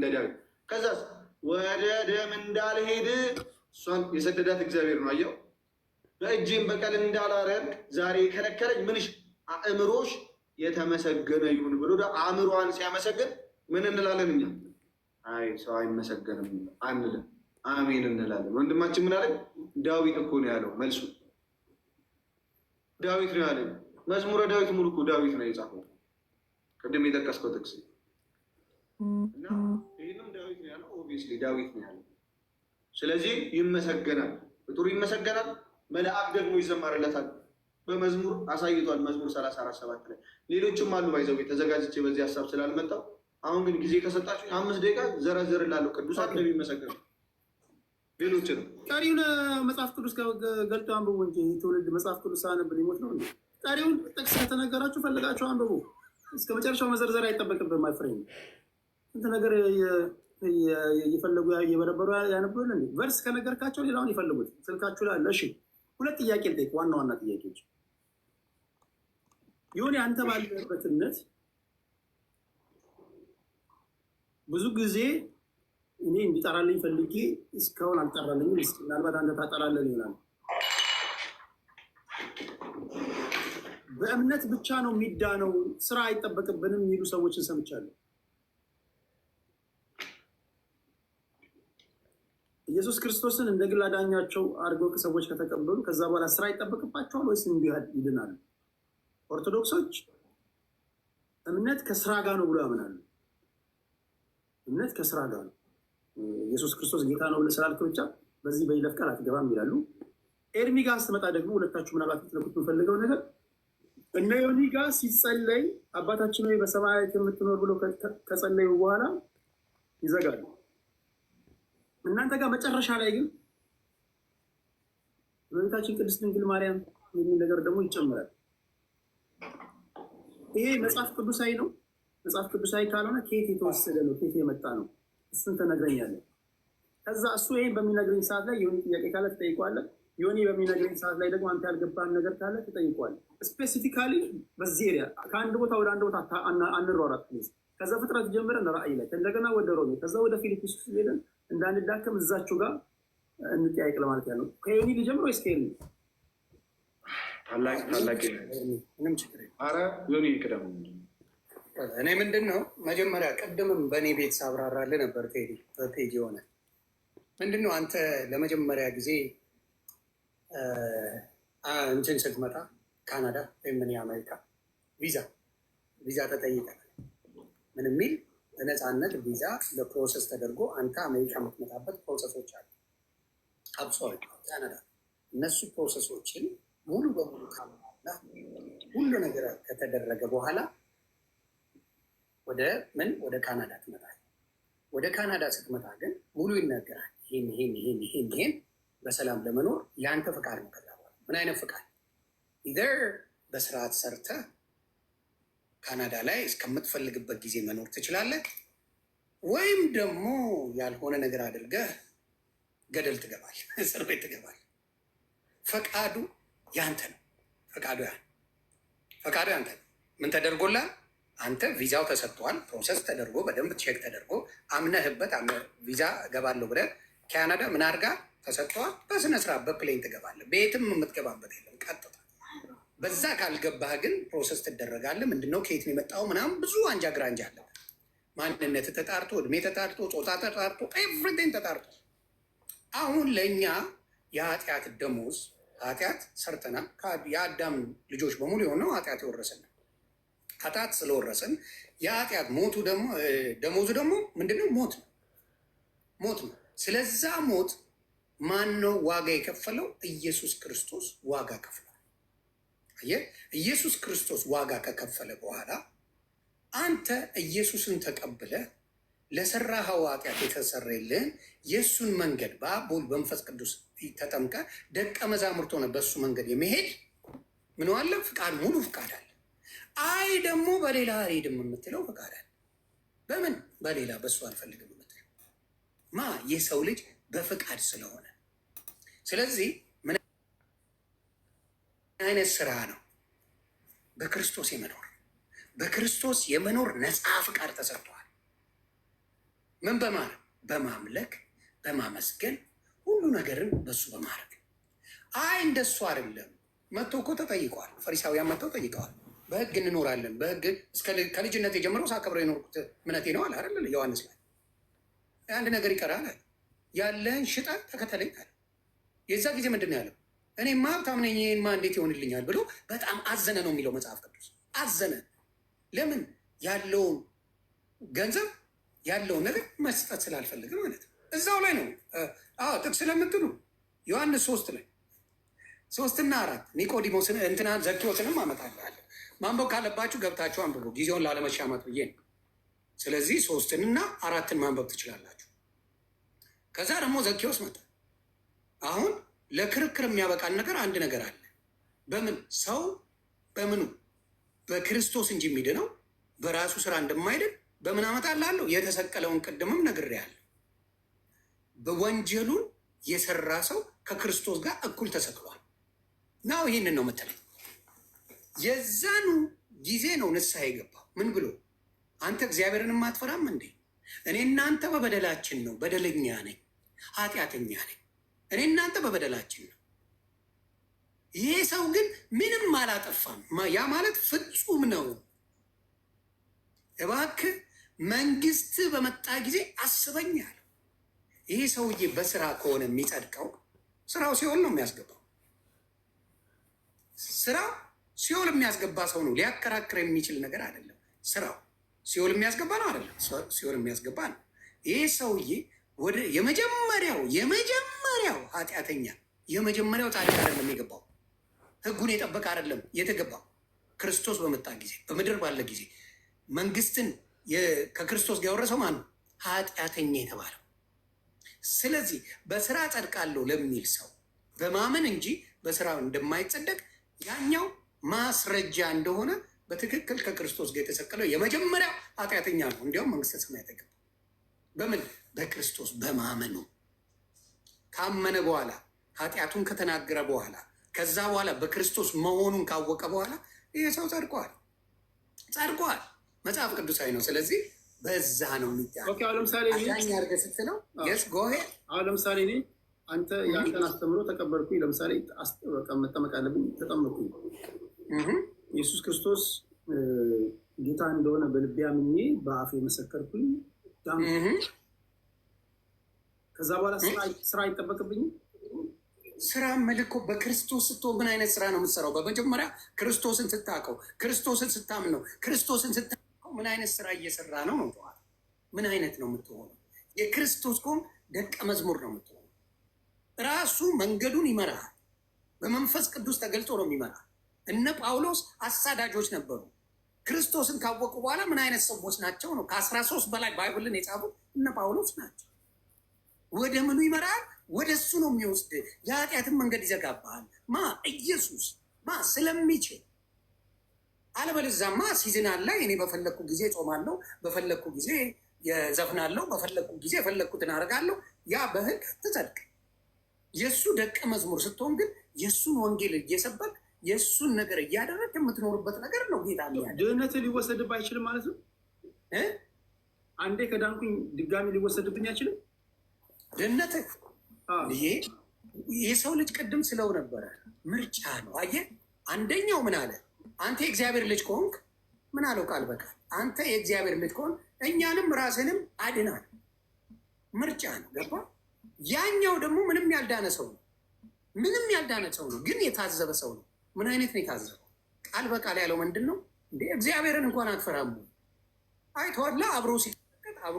እንደ ዳዊት ከዛስ ወደ ደም እንዳልሄድ እሷን የሰደዳት እግዚአብሔር ነው። አየው በእጅም በቀል እንዳላረግ ዛሬ የከለከለች ምንሽ አእምሮሽ የተመሰገነ ይሁን ብሎ አእምሯን ሲያመሰግን ምን እንላለን እኛ? አይ ሰው አይመሰገንም አንልም፣ አሜን እንላለን። ወንድማችን ምን አለን? ዳዊት እኮ ነው ያለው። መልሱ ዳዊት ነው ያለን። መዝሙረ ዳዊት ሙሉ እኮ ዳዊት ነው የጻፈው። ቅድም የጠቀስከው ጥቅስ እና ይህንም ዳዊት ነው ያለው። ኦብቪየስሊ ዳዊት ነው ያለው። ስለዚህ ይመሰገናል፣ ፍጡር ይመሰገናል፣ መልአክ ደግሞ ይዘመርለታል። በመዝሙር አሳይቷል። መዝሙር ሰላሳ አራት ላይ ሌሎችም አሉ። ባይዘው ተዘጋጅቼ በዚህ ሀሳብ ስላልመጣው አሁን ግን ጊዜ ከሰጣችሁ አምስት ደቂቃ ዘረዘር ላለሁ ቅዱሳት እንደሚመሰገኑ ሌሎች ነው ቀሪውን መጽሐፍ ቅዱስ ገልጦ አንብቦ እንጂ ትውልድ መጽሐፍ ቅዱስ ሳነብ ሊሞት ነው። ቀሪውን ጥቅስ ከተነገራችሁ ፈልጋችሁ አንብቦ እስከ መጨረሻው መዘርዘር አይጠበቅብን ማይ ስንት ነገር እየፈለጉ እየበረበሩ ያነበሉ ቨርስ ከነገርካቸው ሌላውን ይፈልጉት ስልካችሁ ላይ አለ። እሺ ሁለት ጥያቄ ልጠይቅ፣ ዋና ዋና ጥያቄዎች ይሁን አንተ ባለበትነት ብዙ ጊዜ እኔ እንዲጠራልኝ ፈልጌ እስካሁን አልጠራልኝም። ምናልባት አንተ ታጠራለን ይሆናል። በእምነት ብቻ ነው የሚዳነው ስራ አይጠበቅብንም የሚሉ ሰዎችን ሰምቻለሁ። ኢየሱስ ክርስቶስን እንደ ግል አዳኛቸው አድርገው ሰዎች ከተቀበሉ ከዛ በኋላ ስራ ይጠበቅባቸዋል ወይስ እንዲሁ ይድናሉ? ኦርቶዶክሶች እምነት ከስራ ጋር ነው ብሎ ያምናሉ። እምነት ከስራ ጋር ነው። ኢየሱስ ክርስቶስ ጌታ ነው ብለህ ስላልክ ብቻ በዚህ በይለፍ ቃል አትገባም ይላሉ። ኤርሚ ጋር ስትመጣ ደግሞ ሁለታችሁ ምናልባት ትለኩት የምፈልገው ነገር እነ ዮኒ ጋር ሲጸለይ አባታችን ወይ በሰማያት የምትኖር ብሎ ከጸለዩ በኋላ ይዘጋሉ። እናንተ ጋር መጨረሻ ላይ ግን እመቤታችን ቅድስት ድንግል ማርያም የሚል ነገር ደግሞ ይጨምራል። ይሄ መጽሐፍ ቅዱሳዊ ነው። መጽሐፍ ቅዱሳዊ ካልሆነ ከየት የተወሰደ ነው? ከየት የመጣ ነው? እሱን ተነግረኛለን። ከዛ እሱ ይሄን በሚነግረኝ ሰዓት ላይ የሆነ ጥያቄ ካለ ትጠይቋለን። የሆነ በሚነግረኝ ሰዓት ላይ ደግሞ አንተ ያልገባህን ነገር ካለ ትጠይቋለን። ስፔሲፊካሊ በዚህ ኤሪያ ከአንድ ቦታ ወደ አንድ ቦታ አንሯሯጥ። ከዛ ፍጥረት ጀምረን ራእይ ላይ እንደገና ወደ ሮሜ ከዛ ወደ ፊልጵስዩስ ሄደን እንዳንዳከም እዛችሁ ጋር እንጠያይቅ ለማለት ያለው ከኒ ሊጀምሮ ወይስ ከኒ እኔ ምንድን ነው መጀመሪያ ቅድምም በእኔ ቤት ሳብራራል ነበር ቴዲ የሆነ ምንድን ነው አንተ ለመጀመሪያ ጊዜ እንትን ስትመጣ ካናዳ ወይም ምን ቪዛ ቪዛ ተጠይቀ ምን የሚል በነፃነት ቪዛ በፕሮሰስ ተደርጎ አንተ አሜሪካ የምትመጣበት ፕሮሰሶች አሉ። አብሶሪ ካናዳ እነሱ ፕሮሰሶችን ሙሉ በሙሉ ካሟላ ሁሉ ነገር ከተደረገ በኋላ ወደ ምን ወደ ካናዳ ትመጣል። ወደ ካናዳ ስትመጣ ግን ሙሉ ይነገራል። ይሄን ይሄን ይሄን ይሄን ይሄን በሰላም ለመኖር የአንተ ፍቃድ ነው። ከዛ በኋላ ምን አይነት ፍቃድ ኢዘር በስርዓት ሰርተህ ካናዳ ላይ እስከምትፈልግበት ጊዜ መኖር ትችላለህ፣ ወይም ደግሞ ያልሆነ ነገር አድርገህ ገደል ትገባል፣ እስር ቤት ትገባል። ፈቃዱ ያንተ ነው። ፈቃዱ ያ ፈቃዱ ያንተ ነው። ምን ተደርጎላ አንተ ቪዛው ተሰጥቷል። ፕሮሰስ ተደርጎ በደንብ ቼክ ተደርጎ አምነህበት ቪዛ እገባለሁ ብለህ ካናዳ ምን አድርጋ ተሰጥቷል። በስነስርዓት በፕሌን ትገባለህ። ቤትም የምትገባበት የለም ቀጥታ በዛ ካልገባህ ግን ፕሮሰስ ትደረጋለህ። ምንድነው ከየት ነው የመጣው ምናምን ብዙ አንጃ ግራንጃ አለ። ማንነት ተጣርቶ፣ እድሜ ተጣርቶ፣ ጾታ ተጣርቶ፣ ኤቭሪቲንግ ተጣርቶ አሁን ለእኛ የኃጢአት ደሞዝ ኃጢአት ሰርተናል። የአዳም ልጆች በሙሉ የሆነው ኃጢአት የወረሰን ኃጢአት ስለወረሰን የኃጢአት ሞቱ ደግሞ ደሞዙ ደግሞ ምንድነው? ሞት ነው ሞት ነው። ስለዛ ሞት ማን ነው ዋጋ የከፈለው? ኢየሱስ ክርስቶስ ዋጋ ከፍሏል። አየህ፣ ኢየሱስ ክርስቶስ ዋጋ ከከፈለ በኋላ አንተ ኢየሱስን ተቀብለ ለሰራኸው ኃጢአት የተሰረየልህን የእሱን መንገድ በአብ በወልድ በመንፈስ ቅዱስ ተጠምቀ ደቀ መዛሙርት ሆነ በእሱ መንገድ የመሄድ ምን ዋለ ፍቃድ፣ ሙሉ ፍቃድ አለ። አይ ደግሞ በሌላ አልሄድም የምትለው ፍቃድ አለ። በምን በሌላ በእሱ አልፈልግም የምትለው ማ የሰው ልጅ በፍቃድ ስለሆነ ስለዚህ አይነት ስራ ነው? በክርስቶስ የመኖር በክርስቶስ የመኖር ነፃ ፍቃድ ተሰጥቷል። ምን በማድረግ በማምለክ በማመስገን ሁሉ ነገርን በሱ በማድረግ አይ እንደሱ አይደለም። መቶ እኮ ተጠይቋል። ፈሪሳውያን መጥተው ጠይቀዋል። በህግ እንኖራለን በህግ ከልጅነት የጀምረው ሳከብረው የኖርኩት እምነቴ ነው አለ አይደል? ዮሐንስ ላይ አንድ ነገር ይቀራል፣ ያለህን ሽጠ ተከተለኝ አለ። የዛ ጊዜ ምንድን ነው ያለው? እኔማ ሀብታም ነኝ ይሄንማ እንዴት ይሆንልኛል ብሎ በጣም አዘነ ነው የሚለው መጽሐፍ ቅዱስ። አዘነ ለምን? ያለውን ገንዘብ ያለውን ነገር መስጠት ስላልፈልግ ማለት ነው። እዛው ላይ ነው ጥቅስ ስለምትሉ ዮሐንስ ሶስት ላይ ሶስትና አራት ኒቆዲሞስን እንትና ዘኪዎስንም አመጣለ። ማንበብ ካለባችሁ ገብታችሁ አንብቡ፣ ጊዜውን ላለመሻማት ብዬ ነው። ስለዚህ ሶስትንና አራትን ማንበብ ትችላላችሁ። ከዛ ደግሞ ዘኪዎስ መጣ። አሁን ለክርክር የሚያበቃን ነገር አንድ ነገር አለ። በምን ሰው በምኑ በክርስቶስ እንጂ የሚድነው በራሱ ስራ እንደማይድን በምን አመጣላለሁ? የተሰቀለውን ቅድምም ነግሬያለሁ። በወንጀሉን የሰራ ሰው ከክርስቶስ ጋር እኩል ተሰቅሏል። ናው ይህንን ነው መተለ የዛኑ ጊዜ ነው ንስሐ የገባው። ምን ብሎ አንተ እግዚአብሔርን ማትፈራም እንዴ? እኔ እናንተ በበደላችን ነው፣ በደለኛ ነኝ፣ ኃጢአተኛ ነኝ እኔ እናንተ በበደላችን ነው። ይሄ ሰው ግን ምንም አላጠፋም። ያ ማለት ፍጹም ነው። እባክህ መንግስት በመጣ ጊዜ አስበኛል ይሄ ሰውዬ በስራ ከሆነ የሚጸድቀው ስራው ሲኦል ነው የሚያስገባው። ስራው ሲኦል የሚያስገባ ሰው ነው። ሊያከራክር የሚችል ነገር አይደለም። ስራው ሲኦል የሚያስገባ ነው አይደለም። ሲኦል የሚያስገባ ነው። ይሄ ሰውዬ ወደ የመጀመሪያው የመጀመ የመጀመሪያው ኃጢአተኛ የመጀመሪያው ታሪክ አይደለም የገባው ህጉን የጠበቀ አይደለም የተገባው። ክርስቶስ በመጣ ጊዜ በምድር ባለ ጊዜ መንግስትን ከክርስቶስ ጋር ያወረሰው ማን ኃጢአተኛ የተባለው። ስለዚህ በስራ ጸድቃለሁ ለሚል ሰው በማመን እንጂ በስራ እንደማይጸደቅ ያኛው ማስረጃ እንደሆነ በትክክል ከክርስቶስ ጋር የተሰቀለው የመጀመሪያው ኃጢአተኛ ነው። እንዲያውም መንግስተ ሰማይ ተገባ። በምን በክርስቶስ በማመኑ ካመነ በኋላ ኃጢአቱን ከተናገረ በኋላ ከዛ በኋላ በክርስቶስ መሆኑን ካወቀ በኋላ ይሄ ሰው ጸድቋል፣ ጸድቋል። መጽሐፍ ቅዱሳዊ ነው። ስለዚህ በዛ ነው የሚለምሳሌኛ አርገ ስትለው ስ ጎሄ አሁን ለምሳሌ እኔ አንተ የአንተን አስተምሮ ተቀበልኩኝ። ለምሳሌ መጠመቅ አለብኝ፣ ተጠመቅኩኝ። ኢየሱስ ክርስቶስ ጌታ እንደሆነ በልቤ አምኜ በአፌ መሰከርኩኝ። ከዛ በኋላ ስራ አይጠበቅብኝም። ስራ መልኮ በክርስቶስ ስትሆን ምን አይነት ስራ ነው የምትሰራው? በመጀመሪያ ክርስቶስን ስታውቀው፣ ክርስቶስን ስታምን ነው። ክርስቶስን ስታውቀው ምን አይነት ስራ እየሰራ ነው ነው ምን አይነት ነው የምትሆነው? የክርስቶስ ከሆንክ ደቀ መዝሙር ነው የምትሆነው። ራሱ መንገዱን ይመራሃል። በመንፈስ ቅዱስ ተገልጦ ነው የሚመራ። እነ ጳውሎስ አሳዳጆች ነበሩ። ክርስቶስን ካወቁ በኋላ ምን አይነት ሰዎች ናቸው ነው። ከአስራ ሶስት በላይ ባይብልን የጻፉት እነ ጳውሎስ ናቸው። ወደ ምኑ ይመራል? ወደ እሱ ነው የሚወስድ። የኃጢአትን መንገድ ይዘጋባል። ማ ኢየሱስ ማ ስለሚችል አለበለዛማ ሲዝን አለ። እኔ በፈለግኩ ጊዜ ጾማለሁ፣ በፈለግኩ ጊዜ ዘፍናለሁ በፈለግኩ ጊዜ የፈለግኩትን አደርጋለሁ። ያ በህግ ትጸድቅ። የእሱ ደቀ መዝሙር ስትሆን ግን የእሱን ወንጌል እየሰበክ የእሱን ነገር እያደረግ የምትኖርበት ነገር ነው። ጌታ ድህነት ሊወሰድብህ አይችልም ማለት ነው። አንዴ ከዳንኩኝ ድጋሚ ሊወሰድብኝ አይችልም። ድህነትህ ይሄ የሰው ልጅ ቅድም ስለው ነበረ ምርጫ ነው። አየህ አንደኛው ምን አለ? አንተ የእግዚአብሔር ልጅ ከሆንክ ምን አለው ቃል በቃል አንተ የእግዚአብሔር ልጅ ከሆን እኛንም ራስንም አድናል። ምርጫ ነው። ገባ? ያኛው ደግሞ ምንም ያልዳነ ሰው ነው። ምንም ያልዳነ ሰው ነው፣ ግን የታዘበ ሰው ነው። ምን አይነት ነው የታዘበው? ቃል በቃል ያለው ምንድን ነው? እንደ እግዚአብሔርን እንኳን አትፈራሙ አይተዋላ አብሮ ሲ አብሮ